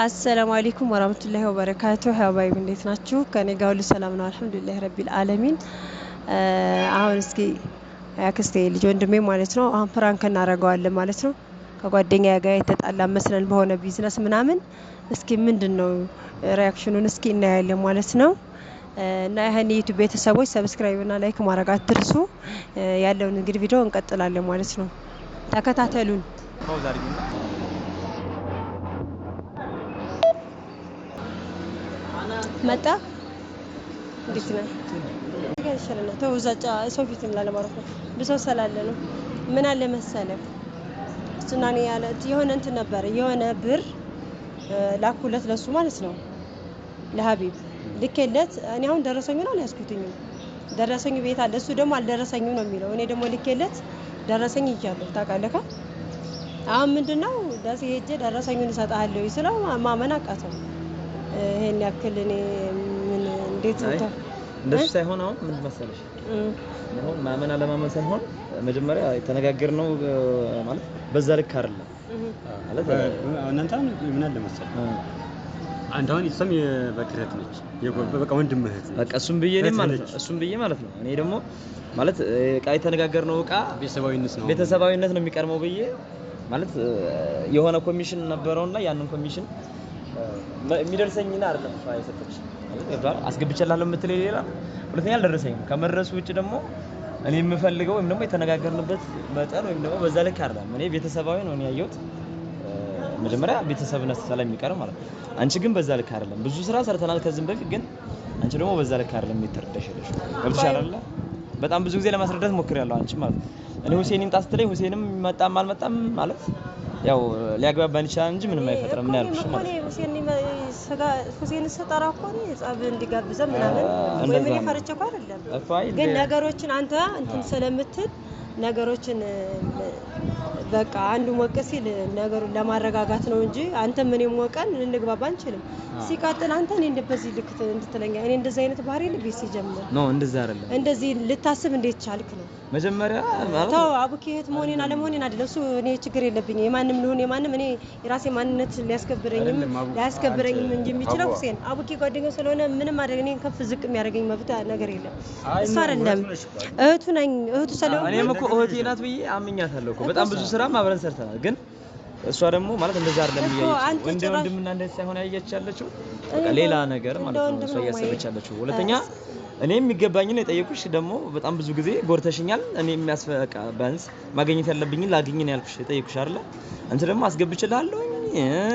አሰላሙ አለይኩም ወራህመቱላሂ ወበረካቱ ሀባይብ እንዴት ናችሁ? ከኔ ጋር ሁሉ ሰላም ነው፣ አልሐምዱሊላህ ረቢል አለሚን። አሁን እስኪ አክስቴ ልጅ ወንድሜ ማለት ነው አሁን ፕራንክ እናደርገዋለን ማለት ነው። ከጓደኛ ጋር የተጣላ መስለን በሆነ ቢዝነስ ምናምን እስኪ ምንድን ነው ሪያክሽኑን እስኪ እናያለን ማለት ነው። እና ይህን የዩቱብ ቤተሰቦች ሰብስክራይብና ላይክ ማድረግ አትርሱ። ያለውን እንግዲህ ቪዲዮ እንቀጥላለን ማለት ነው። ተከታተሉን። መጣ። እንዴት ነው ይሻለናል። ተው እዛ ሰው ፊት ላለማውራት ነው። ብሰው ስላለ ነው። ምን አለ መሰለህ እሱና እኔ ያለ የሆነ እንትን ነበር፣ የሆነ ብር ላኩለት ለሱ ማለት ነው ለሀቢብ ልኬለት እኔ አሁን ደረሰኝ ነው ያስኩትኝ፣ ደረሰኝ ቤት አለ። እሱ ደግሞ አልደረሰኝም ነው የሚለው። እኔ ደግሞ ልኬለት ደረሰኝ ይዣለሁ ታውቃለህ። አሁን ምንድነው ዳሴ ሄጄ ደረሰኙን እሰጥሃለሁ ስለው ማመን አቃተው። ይሄን ያክል እኔ ምን እንዴት ነው እንደሱ ሳይሆን አሁን ምን መሰለሽ አሁን ማመን አለማመን ሳይሆን መጀመሪያ የተነጋገርነው ማለት በዛ ልክ አይደለም ማለት እናንተ ምን አለ መሰለህ አንተ አሁን እሷም የበክረት ነች በቃ ወንድም እህት በቃ እሱም ብዬ እኔም ማለት ነው እሱም ብዬ ማለት ነው እኔ ደግሞ ማለት እቃ የተነጋገርነው እቃ ቤተሰባዊነት ነው ቤተሰባዊነት ነው የሚቀርመው ብዬ ማለት የሆነ ኮሚሽን ነበረውና ያንን ኮሚሽን የሚደርሰኝና አይደለም እሷ የሰጠች ገብቷል። አስገብቼላለሁ የምትለኝ ሌላ፣ ሁለተኛ አልደረሰኝም። ከመድረሱ ውጭ ደግሞ እኔ የምፈልገው ወይም ደግሞ የተነጋገርንበት መጠን ወይም ደግሞ በዛ ልክ አይደለም። እኔ ቤተሰባዊ ነው እኔ ያየሁት መጀመሪያ ቤተሰብነት የሚቀር ማለት ነው። አንቺ ግን በዛ ልክ አይደለም። ብዙ ስራ ሰርተናል ከዚህም በፊት ግን አንቺ ደግሞ በዛ ልክ አይደለም የሚተረዳሽ ሄደሽ ገብቶሻል አይደለ? በጣም ብዙ ጊዜ ለማስረዳት ሞክሬያለሁ። አንቺ ማለት ነው እኔ ሁሴን ይምጣ ስትለኝ ሁሴንም መጣም አልመጣም ማለት ያው ሊያግባባን ይችላል እንጂ ምንም አይፈጥርም። ምን ያልኩሽ ማለት ነው። ሁሴን እኮ ምናምን ወይ ምን አይደለም። ግን ነገሮችን አንተ እንትን ስለምትል ነገሮችን በቃ አንዱ ሞቀ ሲል ነገሩን ለማረጋጋት ነው እንጂ አንተ ምን ሞቀን ልንግባባ አንችልም። ሲቀጥል አንተ እኔ በዚህ ልክ እንድትለኛ እኔ እንደዚህ አይነት ባህሪ ልቤት ሲጀምር ኖ እንደዚህ አይደለም እንደዚህ ልታስብ እንዴት ቻልክ ነው መጀመሪያ ተው አቡኪ እህት መሆኔን አለመሆኔን አይደለም እሱ እኔ ችግር የለብኝም። የማንም ልሁን የማንም እኔ የራሴ ማንነት ሊያስከብረኝም ሊያስከብረኝም እንጂ የሚችለው ሁሴን አቡኪ ጓደኛው ስለሆነ ምንም አደግ እኔ ከፍ ዝቅ የሚያደርገኝ መብት ነገር የለም። እሱ አይደለም እህቱ ነኝ እህቱ ስለሆነ እኔም እኮ እህቴ ናት ብዬ አምኛታለሁ እኮ በጣም ብዙ ስራ ብላም አብረን ሰርተናል። ግን እሷ ደግሞ ማለት እንደዛ አይደለም እያየች እንደ ወንድምና እንደ ሳይሆን ያየች ያለችው ሌላ ነገር ማለት ነው። እሷ እያሰበች ያለችው ሁለተኛ እኔ የሚገባኝን የጠየቁሽ ደግሞ በጣም ብዙ ጊዜ ጎርተሽኛል። እኔ የሚያስፈቃ ቢያንስ ማግኘት ያለብኝን ላግኝን ያልኩሽ የጠየቁሽ አይደለ? አንተ ደግሞ አስገብችልሃለሁ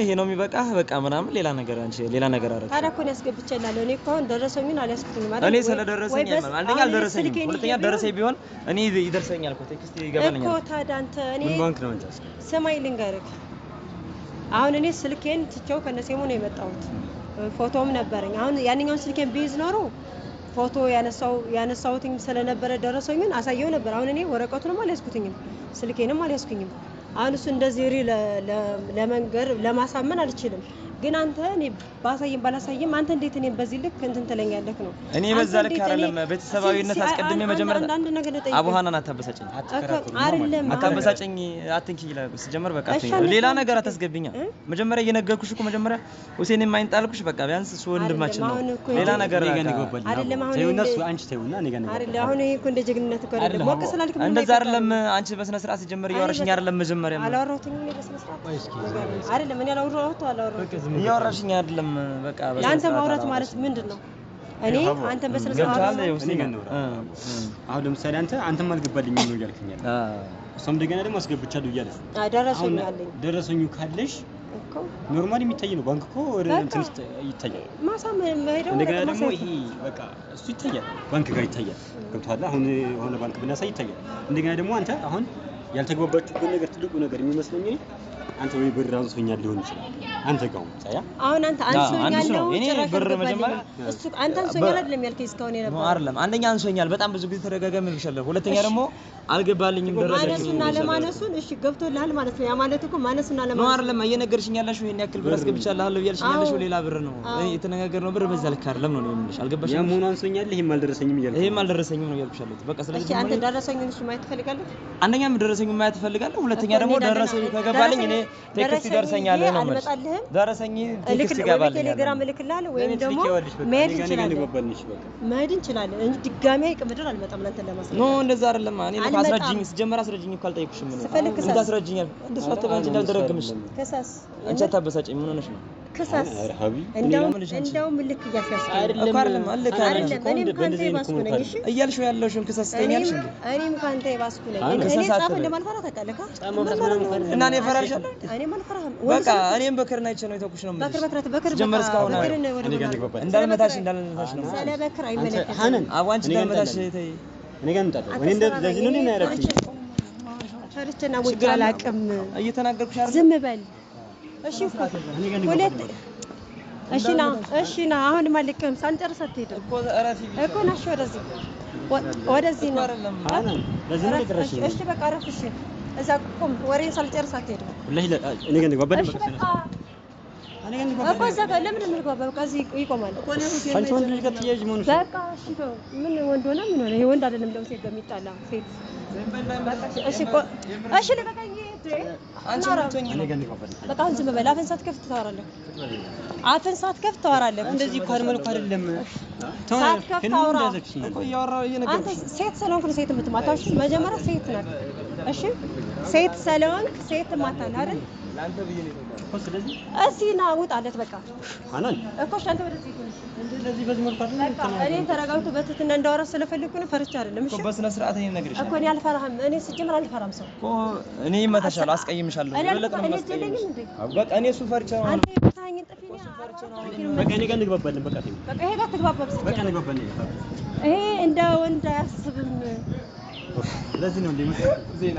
ይሄ ነው የሚበቃ በቃ ምናምን ሌላ ነገር አንቺ ሌላ ነገር አረግሽ። ታዲያ እኮ ያስገብቻለሁ። እኔ እኮ አሁን ደረሰኙን አልያዝኩኝም ማለት እኔ ስለደረሰኝ አንደኛ አልደረሰኝም፣ ሁለተኛ ደረሰኝ ቢሆን እኔ ይደርሰኛል እኮ ቴክስት ይገባልኛል እኮ። ታዲያ አንተ እኔ ስማኝ ልንገርህ፣ አሁን እኔ ስልኬን ትቼው ከነሴሙ ነው የመጣሁት። ፎቶም ነበረኝ። አሁን ያንኛውን ስልኬን ቢይዝ ኖሮ ፎቶ ያነሳው ያነሳውትኝ ስለነበረ ደረሰኙን አሳየው ነበር። አሁን እኔ ወረቀቱንም አልያዝኩትኝም፣ ስልኬንም አልያዝኩኝም። አሁን እሱ እንደዚህ ሪ ለመንገር ለማሳመን አልችልም ግን አንተ እኔ ባሳየም ባላሳየም አንተ እንዴት እኔ በዚህ ልክ እንትን ትለኛለህ ነው። እኔ በዛ ልክ አይደለም፣ ቤተሰባዊነት አስቀድሜ መጀመሪያ አቡሃናን አትንኪ ይላል በቃ ሌላ ነገር አታስገብኛ። መጀመሪያ እየነገርኩሽ እኮ መጀመሪያ ሁሴን የማይንጣልኩሽ በቃ ቢያንስ እሱ ወንድማችን ነው። ሌላ ነገር አሁን አንቺ ተይውና እኔ ጋር ነው አሁን እኮ እንደ ጀግንነት እንደዛ አይደለም። አንቺ በስነ ስርዓት ሲጀመር እያወራሽኝ አይደለም። መጀመሪያ እኔ በስነ ስርዓት እኔ አላወራሁት እያወራሽኝ አይደለም። በቃ ለአንተ ማውራት ማለት ምንድን ነው? እኔ አንተ በስነ ስርዓት አሁን ለምሳሌ አንተ አንተ አልገባልኝ ነው እያልከኝ ያለ እሷም እንደገና ደግሞ አስገብቻለሁ እያለሽ ደረሰኝ አለኝ ደረሰኙ ካለሽ ኖርማል የሚታይ ነው። ባንክ እኮ ወደ እንትን ይታያል። እንደገና ደግሞ ይሄ በቃ እሱ ይታያል፣ ባንክ ጋር ይታያል። ገብቶሃል? አሁን የሆነ ባንክ ብናሳይ ይታያል። እንደገና ደግሞ አንተ አሁን ያልተግባባችሁበት ነገር ትልቁ ነገር የሚመስለኝ አንተ ወይ ብር አንሶኛል ሊሆን ይችላል። አንተ ጋር ያ አሁን አንተ አንሶኛል ነው እኔ ብር መጀመሪያ እሱ አንተ አንሶኛል አይደለም ያልከኝ እስካሁን የነበረው አይደለም። አንደኛ አንሶኛል በጣም ብዙ ጊዜ ተደጋጋሚ ብሻለሁ። ሁለተኛ ደግሞ አልገባልኝም ደረሰኝ ማነሱና ለማነሱን እሺ ገብቶልሃል ማለት ነው። ያ ማለት እኮ ማነሱና ለማነሱ ነው አይደለም። እየነገርሽኝ ያለሽው ይሄን ያክል ብር አስገብቻለሁ እያልሽኝ ያለሽው ሌላ ብር ነው። የተነጋገርነው ብር በዛ ልክ አይደለም ነው የምልሽ። አልገባሽም? ያም ሆኖ አንሶኛል ይሄም አልደረሰኝም እያልኩ ይሄም አልደረሰኝም ነው እያልኩሻለሁ። በቃ ስለዚህ አንተ ደረሰኝን እሺ ማየት ትፈልጋለህ? አንደኛም ደረሰኝ ደረሰኝ ማየት እፈልጋለሁ። ሁለተኛ ደግሞ ደረሰኝ ከገባልኝ እኔ ቴክስት ይደርሰኛል ነው ማለት ደረሰኝ ቴክስት ይገባልኝ። ቴሌግራም እልክልሃለሁ ወይም ደግሞ መሄድ እንችላለን መሄድ እንችላለን እንጂ ድጋሚ ሀይቅ ምድር አልመጣም። እናንተን ለማስረዳት ኖ እንደዛ አይደለም። እኔ አስረጅኝ ስጀመር አስረጅኝ እኮ አልጠየኩሽም። ምን እንዳስረጅኛል እንደሷ ተባንቺ እንዳልደረግምሽ አንቺ አታበሳጭኝ። ምን ሆነሽ ነው? ክሰስ። እያልሽው ክሰስ እኔም ከአንተ የባስኩ ነኝ። እኔ ጻፍ እንደማልፈራ ታውቃለህ። እና እኔ እፈራሻለሁ። በቃ እኔም በክር ናይቼ ነው የተኩሽ ነው ጀመር እስካሁን እንዳልመታሽ እንዳልመታሽ ነው ስለ በክር አይመለከትም። እንዳልመታሽ ተይ እኔ ጋር እኔ ነው። እየተናገርኩሽ አይደል? ዝም በል እሺ ሁለት እሺ ና እሺ ና አሁን ማልቀም ሳንጨርስ አትሄድም እኮ ናሽ ወደዚህ ወደዚህ ነው እሺ በቃ ረፍ እሺ እዛ ቁም ወሬን ሳልጨርስ አትሄድም እኮ እዛ ጋር ለምን የምንግባባ በቃ እዚህ ይቆማል አንቺ ወንድ ልጅ ጋር ትያዥ መሆንሽ በቃ እሺ ምን ወንድ ሆነ ምን ሆነ ይሄ ወንድ አይደለም ለምን ሴት ጋር ሴት እሺ እሺ ልበቃኝ። ዝም በል። አፍን ሳትከፍት ታወራለህ። አፍን ሳትከፍት ታወራለህ። እንደዚህ እኮ አይደለም። ሳትከፍት አንተ ሴት ስለሆንክ ነው ሴት የምትማታው። መጀመሪያ ሴት እሺ ሴት ስለሆንክ ሴት አይደል? እስኪ ና ውጣለት። በቃ እኮ እሺ፣ አንተ ወደዚህ እኔ ተረጋግቶ በትህትና እንዳወራ ስለፈለኩ ነው። ፈርቻ አይደለም። እሺ፣ በስነ ስርዓት እኔ ነግሬሽ እኮ እኔ አልፈራህም። እኔ ስጀምር አልፈራም ሰው እኮ እኔ ይመታሻል፣ አስቀይምሻለሁ። እኔ እሱ ፈርቼ ነው። በቃ እኔ ጋር እንግባባለን። በቃ ይሄ ጋር ትግባባብስ በቃ እንግባባለን። ይሄ እንደ ወንድ አያስብም። ለዚህ ነው እንደ ዜና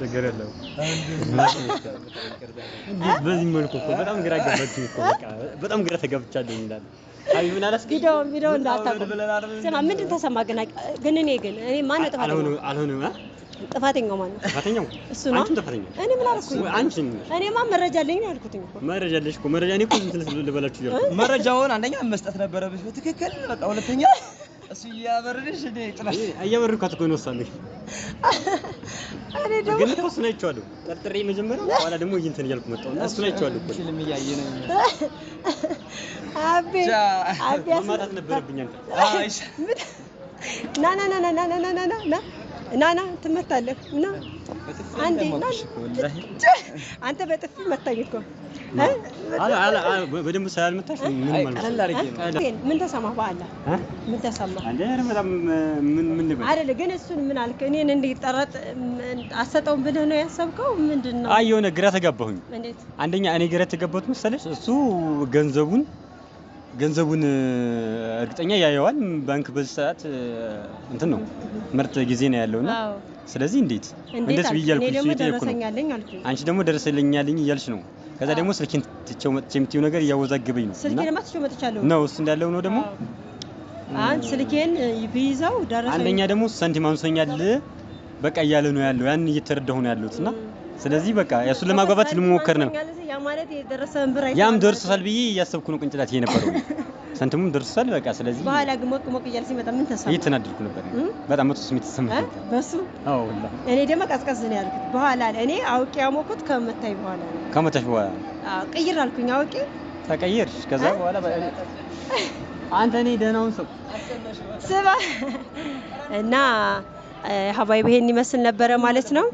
ችግር የለም። በዚህ መልኩ እኮ በጣም ግራ ገባችሁ እኮ በቃ በጣም ግራ ተጋብቻለሁ ይላል። ምንድን ተሰማ ግን እኔ ግን እኔ ማን ጥፋት ጥፋተኛው ማን ነው? ጥፋተኛው እሱ ነው። ጥፋተኛ እኔ ምን አልኩኝ? መረጃ አለኝ አልኩትኝ እኮ መረጃ አለሽ እኮ መረጃ እኔ እኮ ልበላችሁ መረጃውን አንደኛ መስጠት ነበረብሽ በትክክል በቃ ሁለተኛ እሱ እያበረደሽ እኔ ጥላሽ እያበረድኳት እኮ ነው። እኔ ደግሞ ግን እኮ እሱን አይቼዋለሁ ጠርጥሬ መጀመሪያ፣ በኋላ ደግሞ እንትን እያልኩ መጣሁ እና እሱን አይቼዋለሁ እኮ ፊልም እያየ ነው። አቤ አቤ ማማጣት ነበረብኝ አንተ። ና ና ና ና ና ና ና ና ና ና ትመታለህ እና አንተ በጥፊ መታኝ እኮ በደንብ ስላልመታሽ ምን ማለት ምን ተሰማህ? በአላህ ምን ተሰማህ? አይደለ ግን እሱን ምን አልክ? እኔን እንዲጠረጥ አሰጠውን ብለህ ነው ያሰብከው? ምንድን ነው? አይ የሆነ ግራ ተጋባሁኝ። አንደኛ እኔ ግራ ተጋባሁት መሰለሽ እሱ ገንዘቡን ገንዘቡን እርግጠኛ ያየዋል። ባንክ በዚህ ሰዓት እንትን ነው ምርጥ ጊዜ ነው ያለው ያለውና ስለዚህ እንዴት እንዴት አልኩኝ አንቺ ደግሞ ደረሰልኛልኝ እያልሽ ነው። ከዛ ደግሞ ስልኬን ትቼው መጥቼ የምትይው ነገር እያወዛገበኝ ነው። ስልኬን ማትቼው መጥቻለሁ ነው እሱ እንዳለው ነው ደግሞ አንድ ስልኬን ብይዘው ደረሰኝ። አንደኛ ደግሞ ሳንቲም አንሶኛል በቃ እያለ ነው ያለው። ያን እየተረዳሁ ነው ያለሁት እና ስለዚህ በቃ እሱን ለማግባባት ልሞከር ነው ማለት የደረሰን ብር ያም ደርሶታል ብዬ እያሰብኩ ነው ቅንጭላት የነበረው ሳንቲሙም ደርሶታል። በቃ ስለዚህ በኋላ ግን ሞቅ ሞቅ እያለ ሲመጣ ምን ተሰማ? እየተናደድኩ ነበር በጣም መጥፎ ስሜት ተሰማኝ በሱ። አዎ እኔ ደግሞ ቀዝቀዝ ነው ያልኩት። በኋላ እኔ አውቄ ያሞኩት ከመታኝ በኋላ ነው ከመታሽ በኋላ አዎ ቀይር አልኩኝ። አውቄ ተቀይር ከዛ በኋላ አንተ እኔ ደህናውን ሰው ስባ እና ሀባይ ይሄን ይመስል ነበረ ማለት ነው።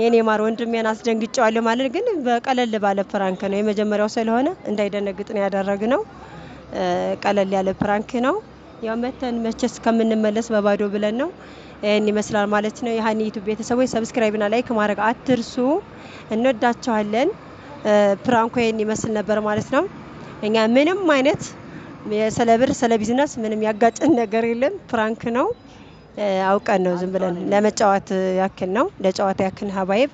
የኔ ማር ወንድሜን አስደንግጨዋለሁ ማለት ግን በቀለል ባለ ፕራንክ ነው። የመጀመሪያው ስለሆነ እንዳይደነግጥ ነው ነው። ቀለል ያለ ፕራንክ ነው። ያው መተን መቼስ ከምንመለስ በባዶ ብለን ነው። ይህን ይመስላል ማለት ነው። ይህን ዩቱብ ቤተሰቦች ሰብስክራይብና ላይክ ማድረግ አትርሱ። እንወዳቸዋለን። ፕራንኮ ይህን ይመስል ነበር ማለት ነው። እኛ ምንም አይነት ስለ ብር ስለ ቢዝነስ ምንም ያጋጭን ነገር የለም። ፕራንክ ነው። አውቀን ነው ዝም ብለን ለመጫወት ያክል ነው ለጨዋታ ያክል ሀባይብ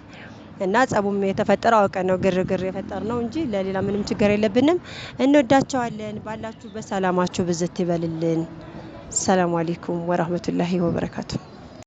እና ጸቡም የተፈጠረው አውቀን ነው ግርግር የፈጠር ነው እንጂ ለሌላ ምንም ችግር የለብንም። እንወዳቸዋለን። ባላችሁበት ሰላማችሁ ብዝት ይበልልን። ሰላም አሌይኩም ወረህመቱላሂ ወበረካቱሁ።